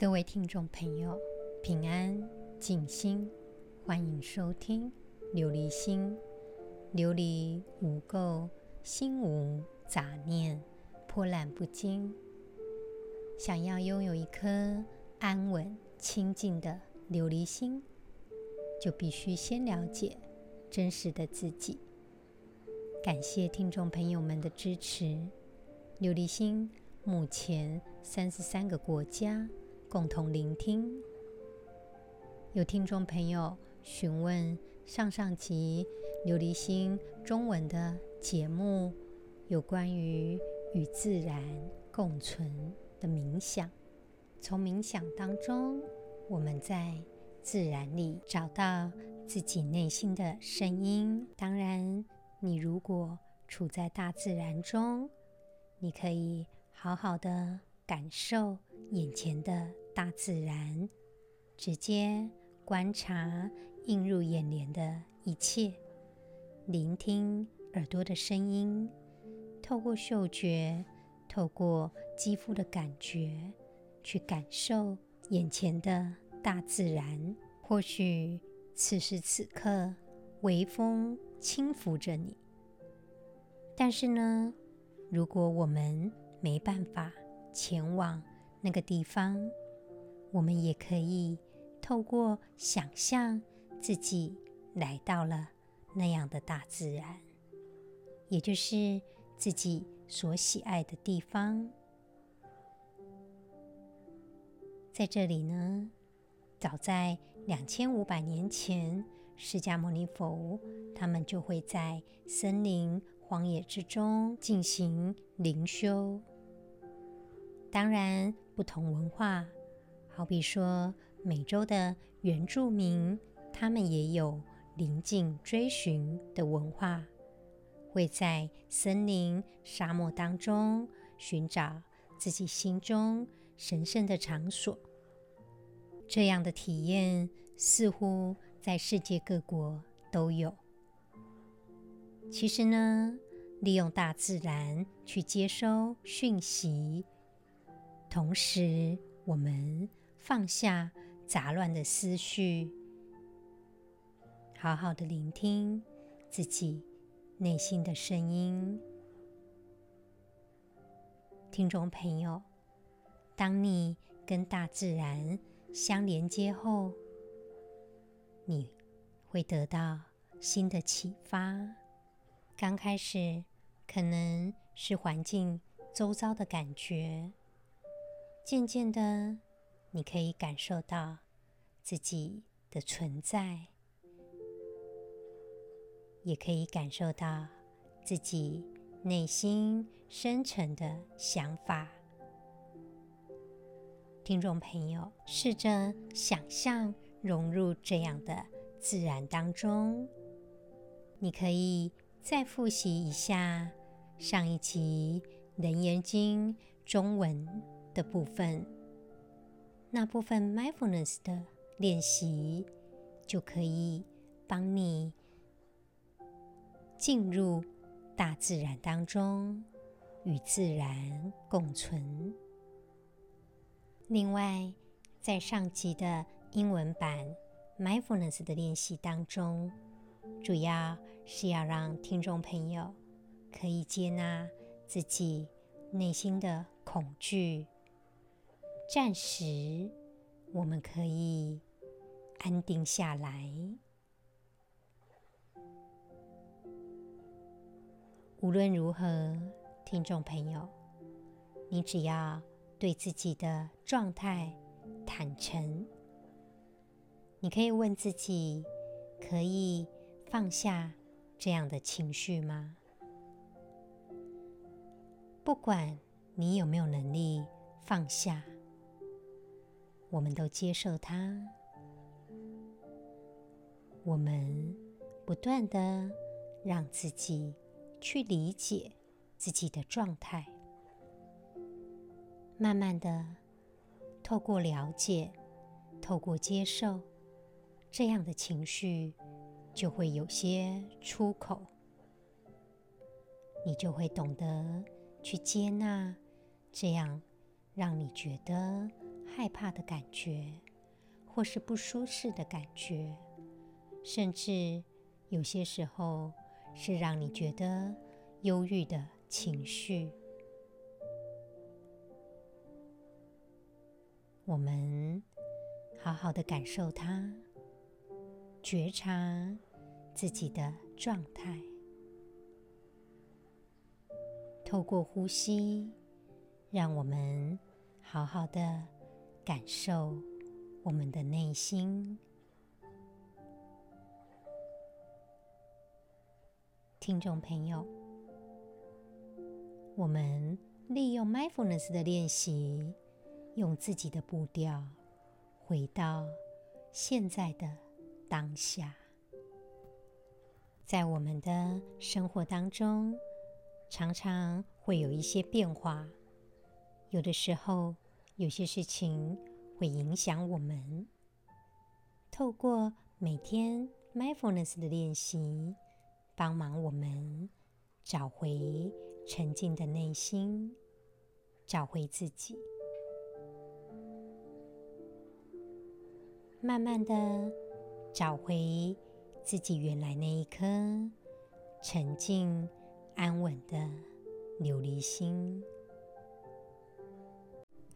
各位聽眾朋友，平安靜心，歡迎收聽琉璃心。琉璃無垢，心無雜念，波瀾不驚。想要擁有一顆安穩清淨的琉璃心，就必須先了解真實的自己。感謝聽眾朋友們的支持。琉璃心目前三十三個國家。共同聆聽，有聽眾朋友詢問上上集琉璃心中文的節目有關於與自然共存的冥想。從冥想當中，我們在自然裡找到自己內心的聲音。當然，你如果處在大自然中，你可以好好的感受眼前的。大自然，直接觀察映入眼簾的一切，聆聽耳朵的聲音，透過嗅覺，透過肌膚的感覺，去感受眼前的大自然。或許此時此刻，微風輕拂着你，但是呢，如果我們沒辦法前往那個地方，我們也可以透過想象自己來到了那樣的大自然，也就是自己所喜愛的地方。在這裡呢，早在兩千五百年前，釋迦牟尼佛他們就會在森林、荒野之中進行靈修。當然，不同文化。好比說，美洲的原住民，他們也有靈境追尋的文化，會在森林、沙漠當中尋找自己心中神聖的場所。這樣的體驗似乎在世界各國都有。其實呢，利用大自然去接收訊息，同時我們。放下雜亂的思緒，好好的聆聽自己內心的聲音。聽眾朋友，當你跟大自然相連接後，你會得到新的啟發。剛開始可能是環境周遭的感覺，漸漸的。你可以感受到自己的存在，也可以感受到自己內心深層的想法。聽眾朋友，試着想象融入這樣的自然當中。你可以再複習一下上一集《楞嚴經》中文的部分。那部分 mindfulness 的練習，就可以幫你進入大自然當中，與自然共存。另外，在上集的英文版 mindfulness 的練習當中，主要是要讓聽眾朋友可以接納自己內心的恐懼。暫時，我們可以安定下來。無論如何，聽眾朋友，你只要對自己的狀態坦誠，你可以問自己：可以放下這樣的情緒嗎？不管你有沒有能力放下。我們都接受它，我們不斷地讓自己去理解自己的狀態，慢慢地透過了解，透過接受，這樣的情緒就會有些出口，你就會懂得去接納，這樣讓你覺得。害怕的感覺，或是不舒適的感覺，甚至有些時候是讓你覺得憂鬱的情緒。我們好好的感受它，覺察自己的狀態，透過呼吸，讓我們好好的。感受我們的內心，聽眾朋友，我們利用 mindfulness 的練習，用自己的步調回到現在的當下。在我們的生活當中，常常會有一些變化，有的時候。有些事情會影響我們。透過每天 mindfulness 的練習，幫忙我們找回沉靜的內心，找回自己，慢慢的找回自己原來那一顆沉靜安穩的琉璃心。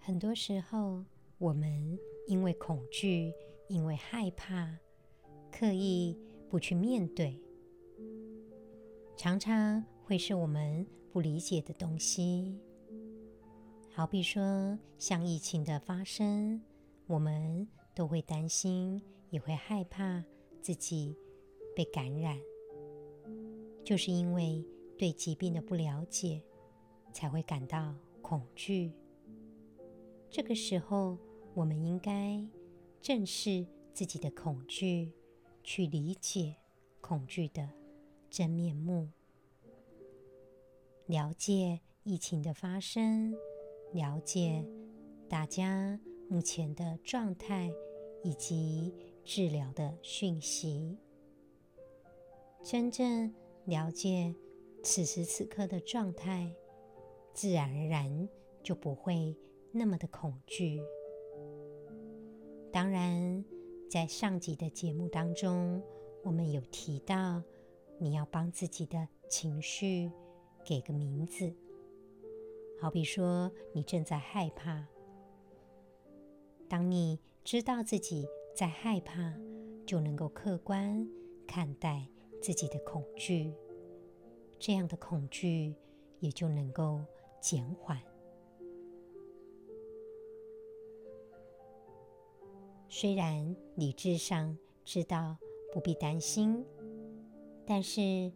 很多時候，我們因為恐懼、因為害怕，刻意不去面對，常常會是我們不理解的東西。好比說，像疫情的發生，我們都會擔心，也會害怕自己被感染，就是因為對疾病的不了解，才會感到恐懼。這個時候，我們應該正視自己的恐懼，去理解恐懼的真面目，了解疫情的發生，了解大家目前的狀態以及治療的訊息，真正了解此時此刻的狀態，自然而然就不會。那麼的恐懼。當然，在上集的節目當中，我們有提到，你要幫自己的情緒給個名字，好比說你正在害怕。當你知道自己在害怕，就能夠客觀看待自己的恐懼，這樣的恐懼也就能夠減緩。雖然理智上知道不必擔心，但是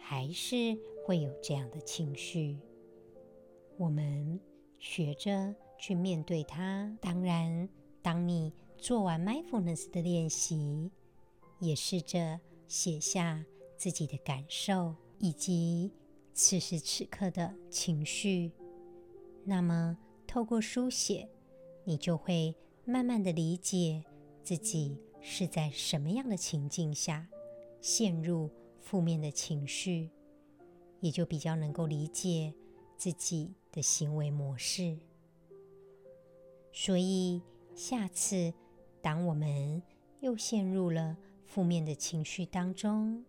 還是會有這樣的情緒。我們學着去面對它。當然，當你做完 mindfulness 的練習，也試着寫下自己的感受以及此時此刻的情緒，那麼透過書寫，你就會。慢慢的理解自己是在什麼樣的情境下陷入負面的情緒，也就比較能夠理解自己的行為模式。所以，下次當我們又陷入了負面的情緒當中，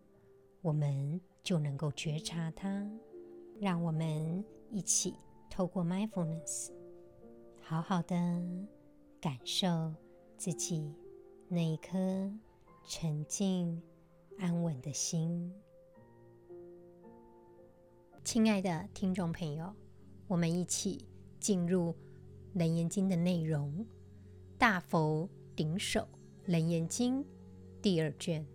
我們就能夠覺察它，讓我們一起透過 mindfulness 好好的。感受自己那一顆沉靜安穩的心。親愛的聽眾朋友，我們一起進入《楞嚴經》的內容。大佛頂首楞嚴經第二卷。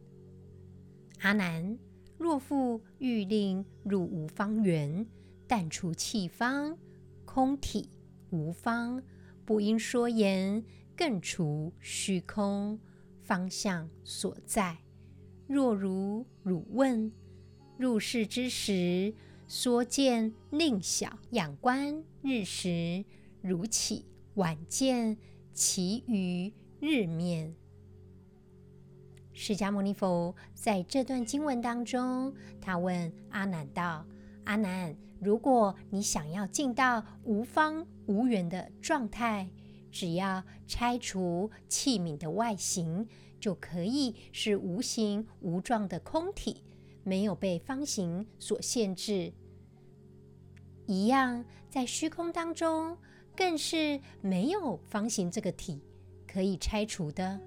阿難，若復欲令入無方圓，但除器方空體無方。不應說言，更除虛空方向所在。若如汝問，入室之時，縮見令小，仰觀日時，汝豈晚見其餘日面。釋迦牟尼佛在這段經文當中，他問阿難道：“阿難。”如果你想要進到無方無圓的狀態，只要拆除器皿的外形，就可以是無形無狀的空體，沒有被方形所限制。一樣在虛空當中，更是沒有方形這個體可以拆除的。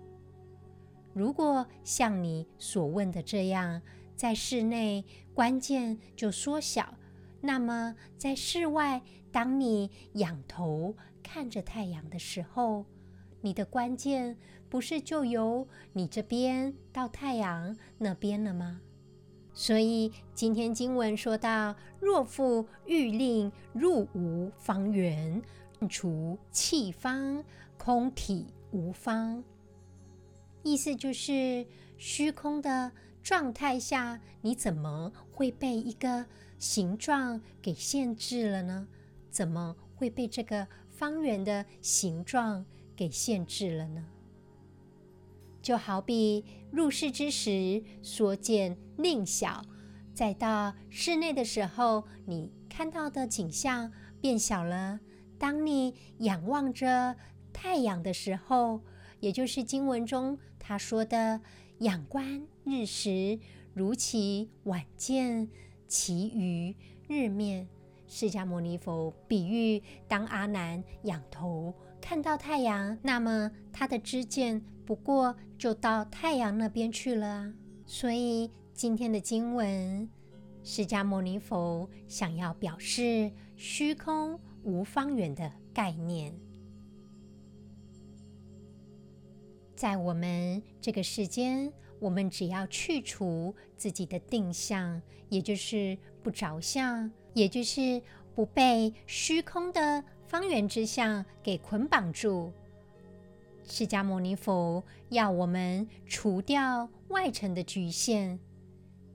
如果像你所問的這樣，在室內，關鍵就縮小。那麼，在室外，當你仰頭看着太陽的時候，你的關鍵不是就由你這邊到太陽那邊了嗎？所以，今天經文說到：“若復欲令入無方圓，除器方空體無方”，意思就是。虛空的狀態下，你怎麼會被一個形狀給限制了呢？怎麼會被這個方圓的形狀給限制了呢？就好比入室之時說令，所見寧小；再到室內的時候，你看到的景象變小了。當你仰望着太陽的時候，也就是經文中他說的。仰觀日時，如其晚見其余日面。釋迦牟尼佛比喻：當阿難仰頭看到太陽，那麼他的知見不過就到太陽那邊去了。所以今天的經文，釋迦牟尼佛想要表示虛空無方圓的概念。在我們這個世間，我們只要去除自己的定相，也就是不着相，也就是不被虛空的方圓之相給捆綁住。釋迦牟尼佛要我們除掉外層的局限，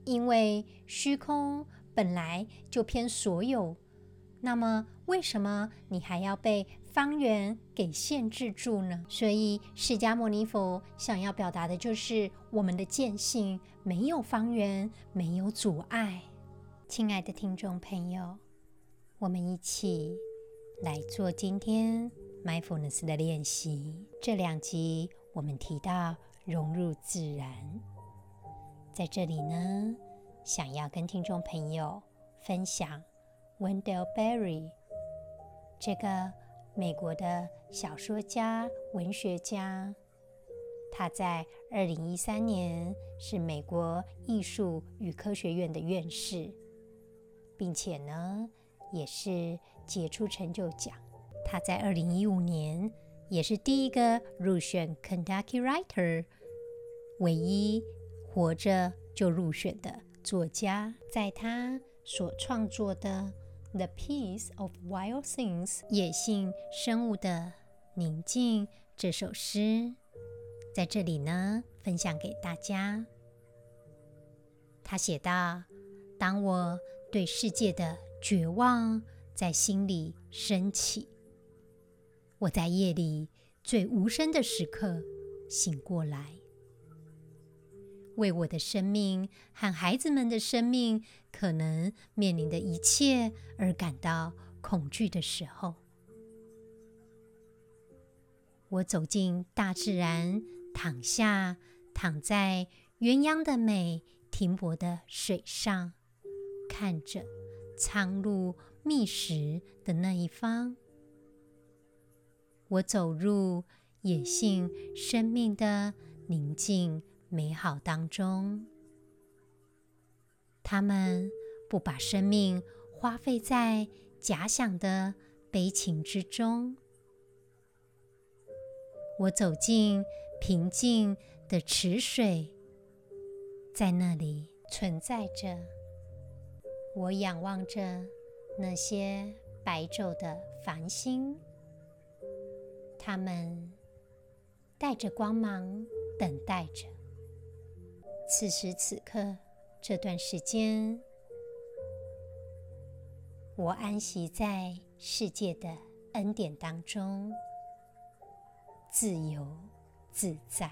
因為虛空本來就遍所有，那麼為什麼你還要被方圓給限制住呢？所以釋迦牟尼佛想要表達的就是我們的見性沒有方圓，沒有阻礙。親愛的聽眾朋友，我們一起來做今天 mindfulness 的練習。這兩集我們提到融入自然，在這裡呢，想要跟聽眾朋友分享 Wendell Berry 這個。美國的小說家、文學家，他在二零一三年是美國藝術與科學院的院士，並且呢，也是傑出成就獎。他在二零一五年也是第一個入選 Kentucky Writer，唯一活着就入選的作家。在他所創作的。The peace of wild things，野性生物的寧靜。這首詩在這裡呢，分享給大家。他寫道：“當我對世界的絕望在心裡升起，我在夜裡最無聲的時刻醒過來。”為我的生命和孩子們的生命可能面臨的一切而感到恐懼的時候，我走進大自然，躺下，躺在鴛鴦的美停泊的水上，看着蒼鷺覓食的那一方。我走入野性生命的寧靜。美好當中，他們不把生命花費在假想的悲情之中。我走進平靜的池水，在那裡存在着。我仰望着那些白晝的繁星，他們帶着光芒等待着。此時此刻，這段時間，我安息在世界的恩典當中，自由自在。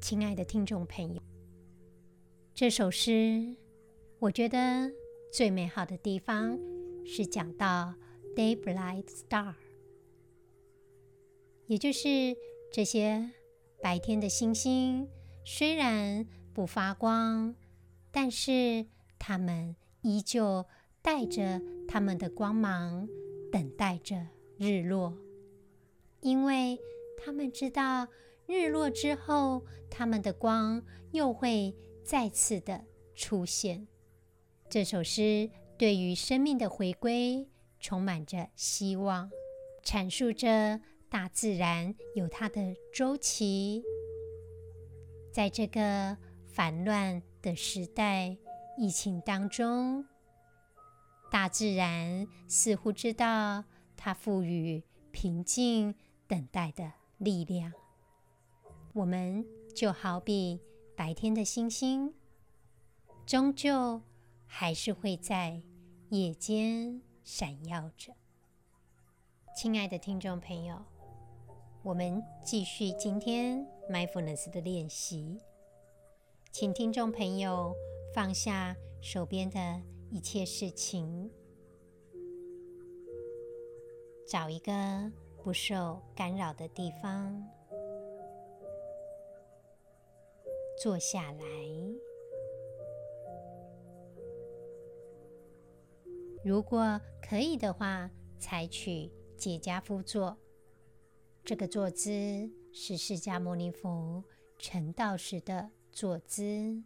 親愛的聽眾朋友，這首詩，我覺得最美好的地方是講到 day-blind stars，也就是這些白天的星星。雖然不發光，但是它們依舊帶着它們的光芒，等待着日落，因為他們知道日落之後，它們的光又會再次的出現。這首詩對於生命的回歸充滿着希望，闡述着大自然有它的周期。在這個煩亂的時代、疫情當中，大自然似乎知道它賦予平靜等待的力量。我們就好比白天的星星，終究還是會在夜間閃耀着。親愛的聽眾朋友，我們繼續今天。Mindfulness 的練習，請聽眾朋友放下手邊的一切事情，找一個不受干擾的地方坐下來。如果可以的話，採取跏趺坐這個坐姿。是釋迦牟尼佛成道時的坐姿，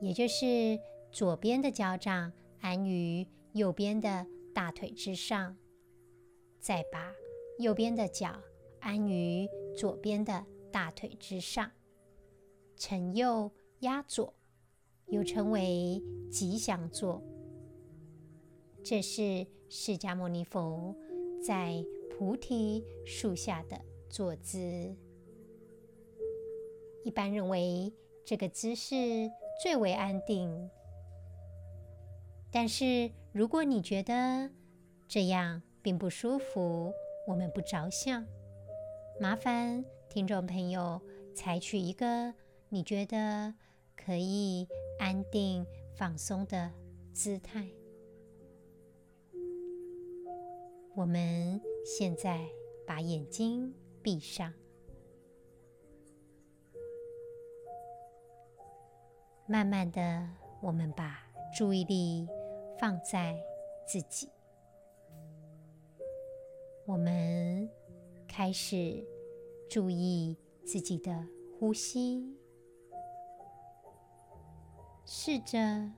也就是左邊的腳掌安於右邊的大腿之上，再把右邊的腳安於左邊的大腿之上，成右壓左，又稱為吉祥坐。這是釋迦牟尼佛在菩提樹下的坐姿，一般認為這個姿勢最為安定。但是，如果你覺得這樣並不舒服，我們不着相，麻煩聽眾朋友採取一個你覺得可以安定放鬆的姿態，我們。現在把眼睛閉上，慢慢的，我們把注意力放在自己，我們開始注意自己的呼吸，試着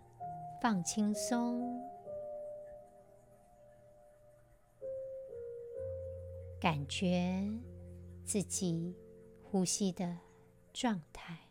放輕鬆。感覺自己呼吸的狀態。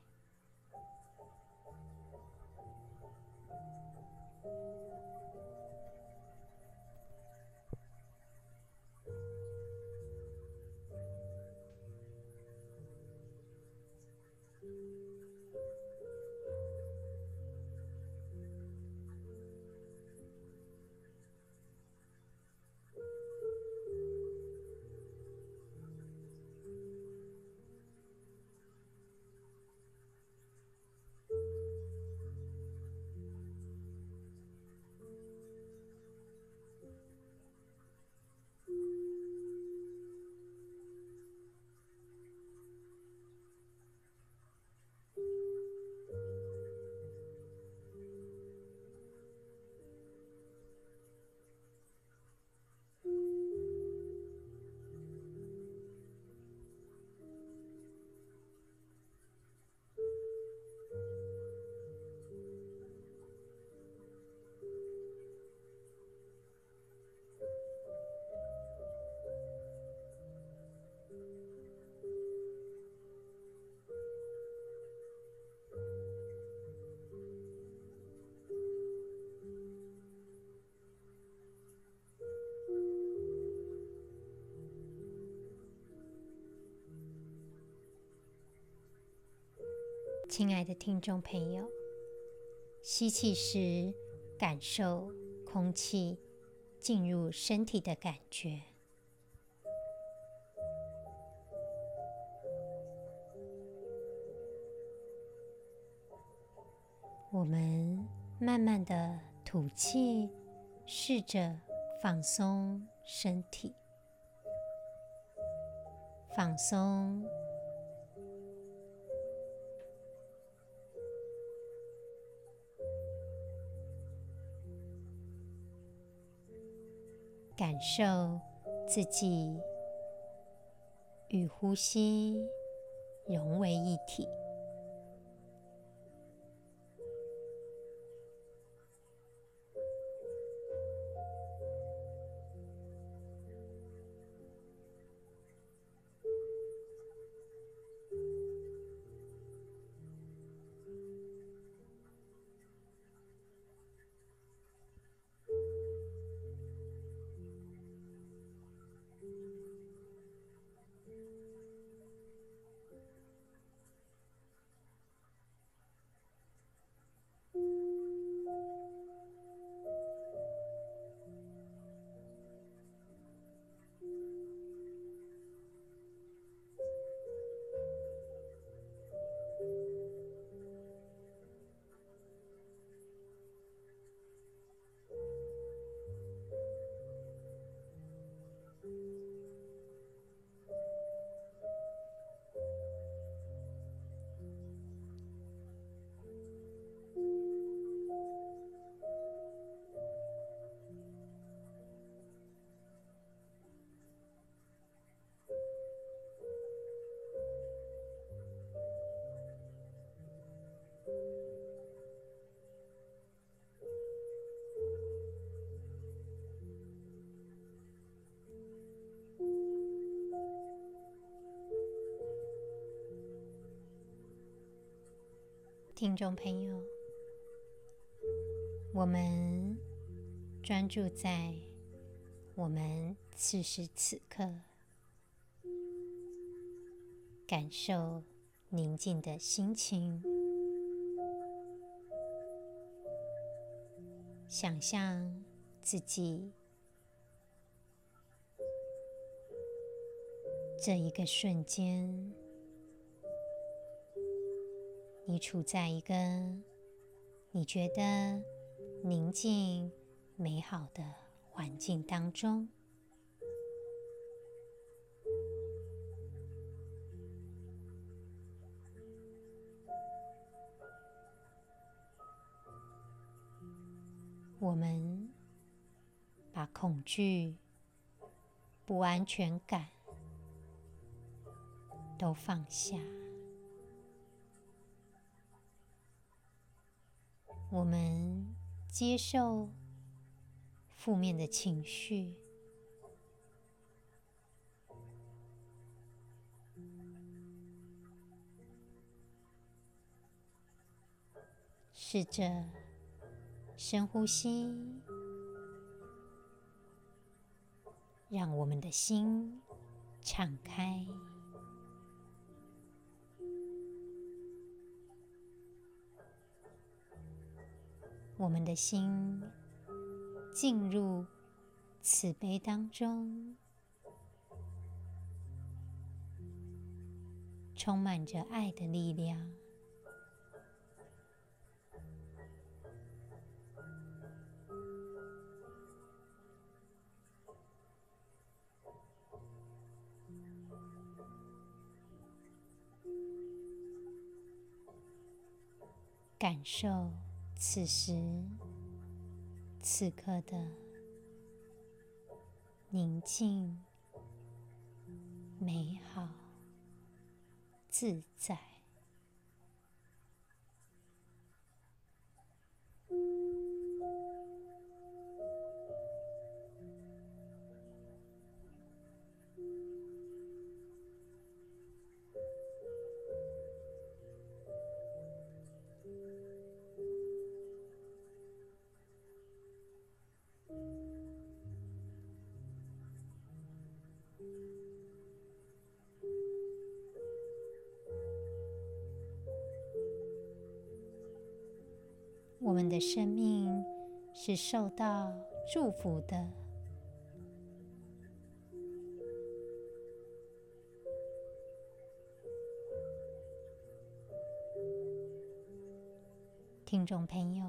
親愛的聽眾朋友，吸氣時感受空氣進入身體的感覺。我們慢慢的吐氣，試着放鬆身體。放鬆。感受自己與呼吸融為一體。聽眾朋友，我們專注在我們此時此刻，感受寧靜的心情，想象自己這一個瞬間。你處在一個你覺得寧靜、美好的環境當中，我們把恐懼、不安全感都放下。我們接受負面的情緒，試着深呼吸，讓我們的心敞開。我們的心進入慈悲當中，充滿着愛的力量，感受。此時此刻的寧靜、美好、自在。生命是受到祝福的，聽眾朋友，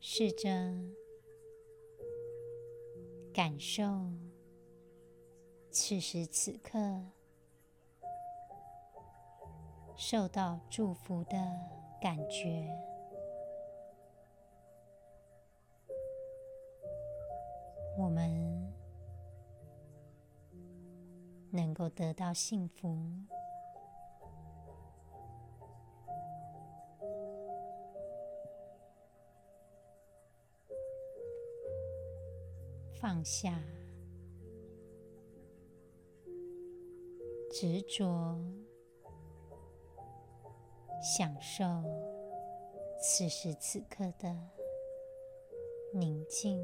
試着感受此時此刻。受到祝福的感覺，我們能夠得到幸福，放下執着。享受此時此刻的寧靜。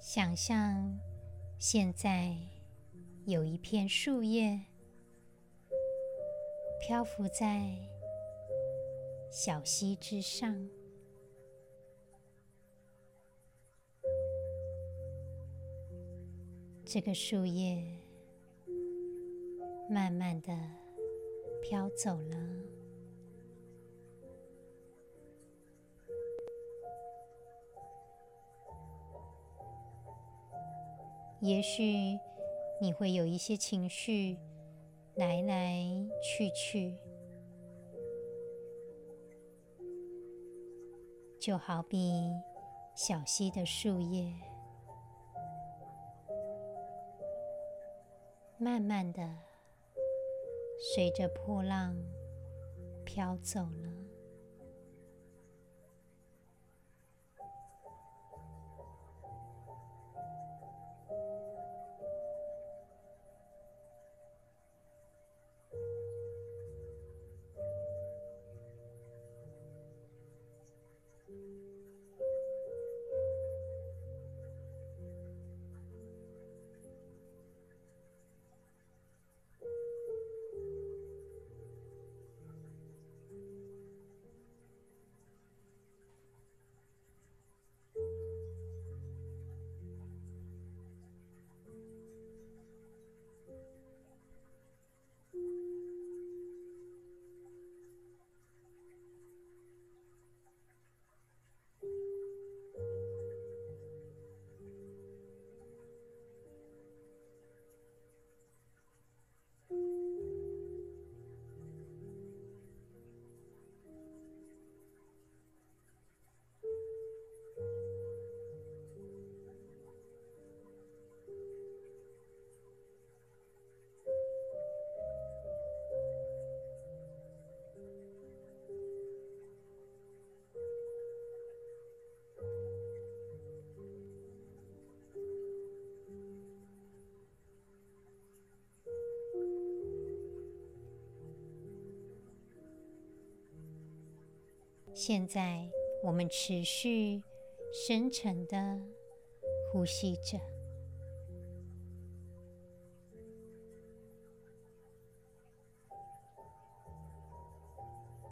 想象現在。有一片樹葉漂浮在小溪之上，這個樹葉慢慢的飄走了，也許。你會有一些情緒來來去去，就好比小溪的樹葉，慢慢的隨着波浪飄走了。現在我們持續深沉地呼吸着。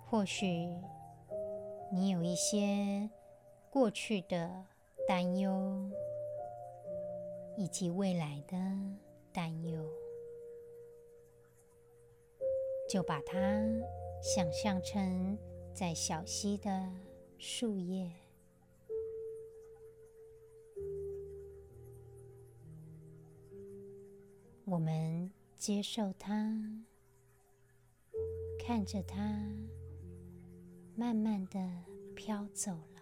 或許你有一些過去的擔憂，以及未來的擔憂，就把它想象成。在小溪的樹葉，我們接受它，看着它，慢慢的飄走了。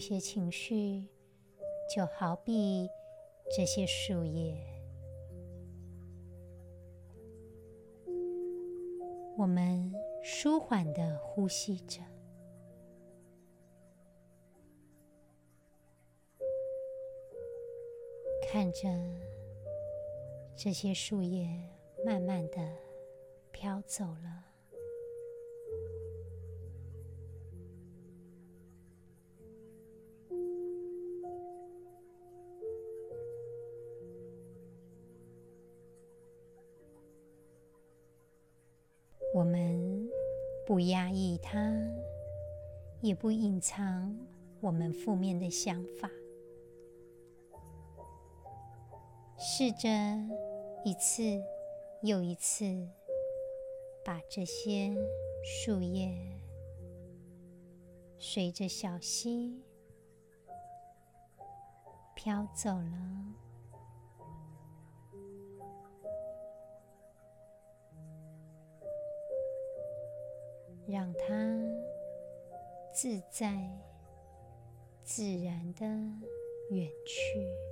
一些情緒，就好比這些樹葉。我們舒緩的呼吸着，看着這些樹葉慢慢的飄走了。我們不壓抑它，也不隱藏我們負面的想法。試着一次又一次把這些樹葉隨着小溪飄走了。讓它自在、自然的遠去。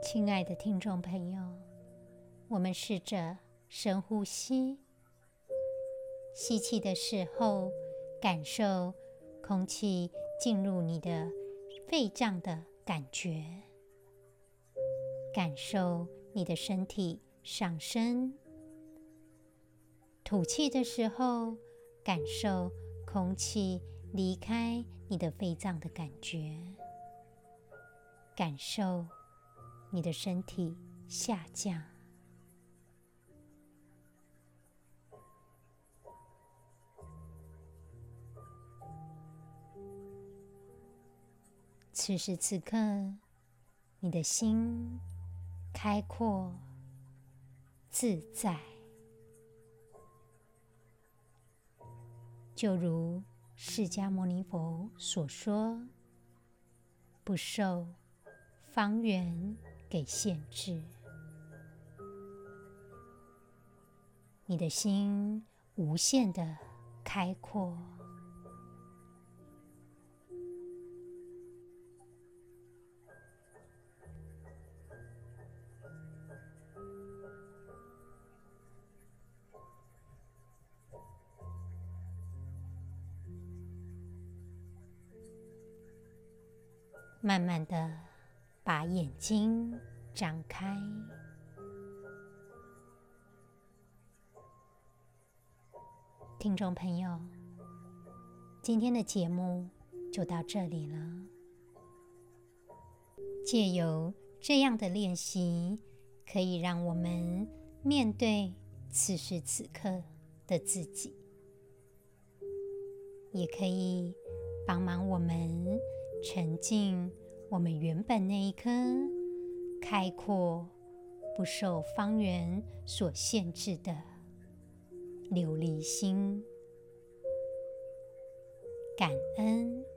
親愛的聽眾朋友，我們試着深呼吸，吸氣的時候，感受空氣進入你的肺臟的感覺；感受你的身體上升。吐氣的時候，感受空氣離開你的肺臟的感覺；感受。你的身體下降，此時此刻，你的心開闊自在，就如釋迦牟尼佛所說：“不受方圓”給限制，你的心無限的開闊，慢慢的。把眼睛張開，聽眾朋友，今天的節目就到這裡了。借由這樣的練習，可以讓我們面對此時此刻的自己，也可以幫忙我們沉浸。我們原本那一顆開闊、不受方圓所限制的琉璃心，感恩。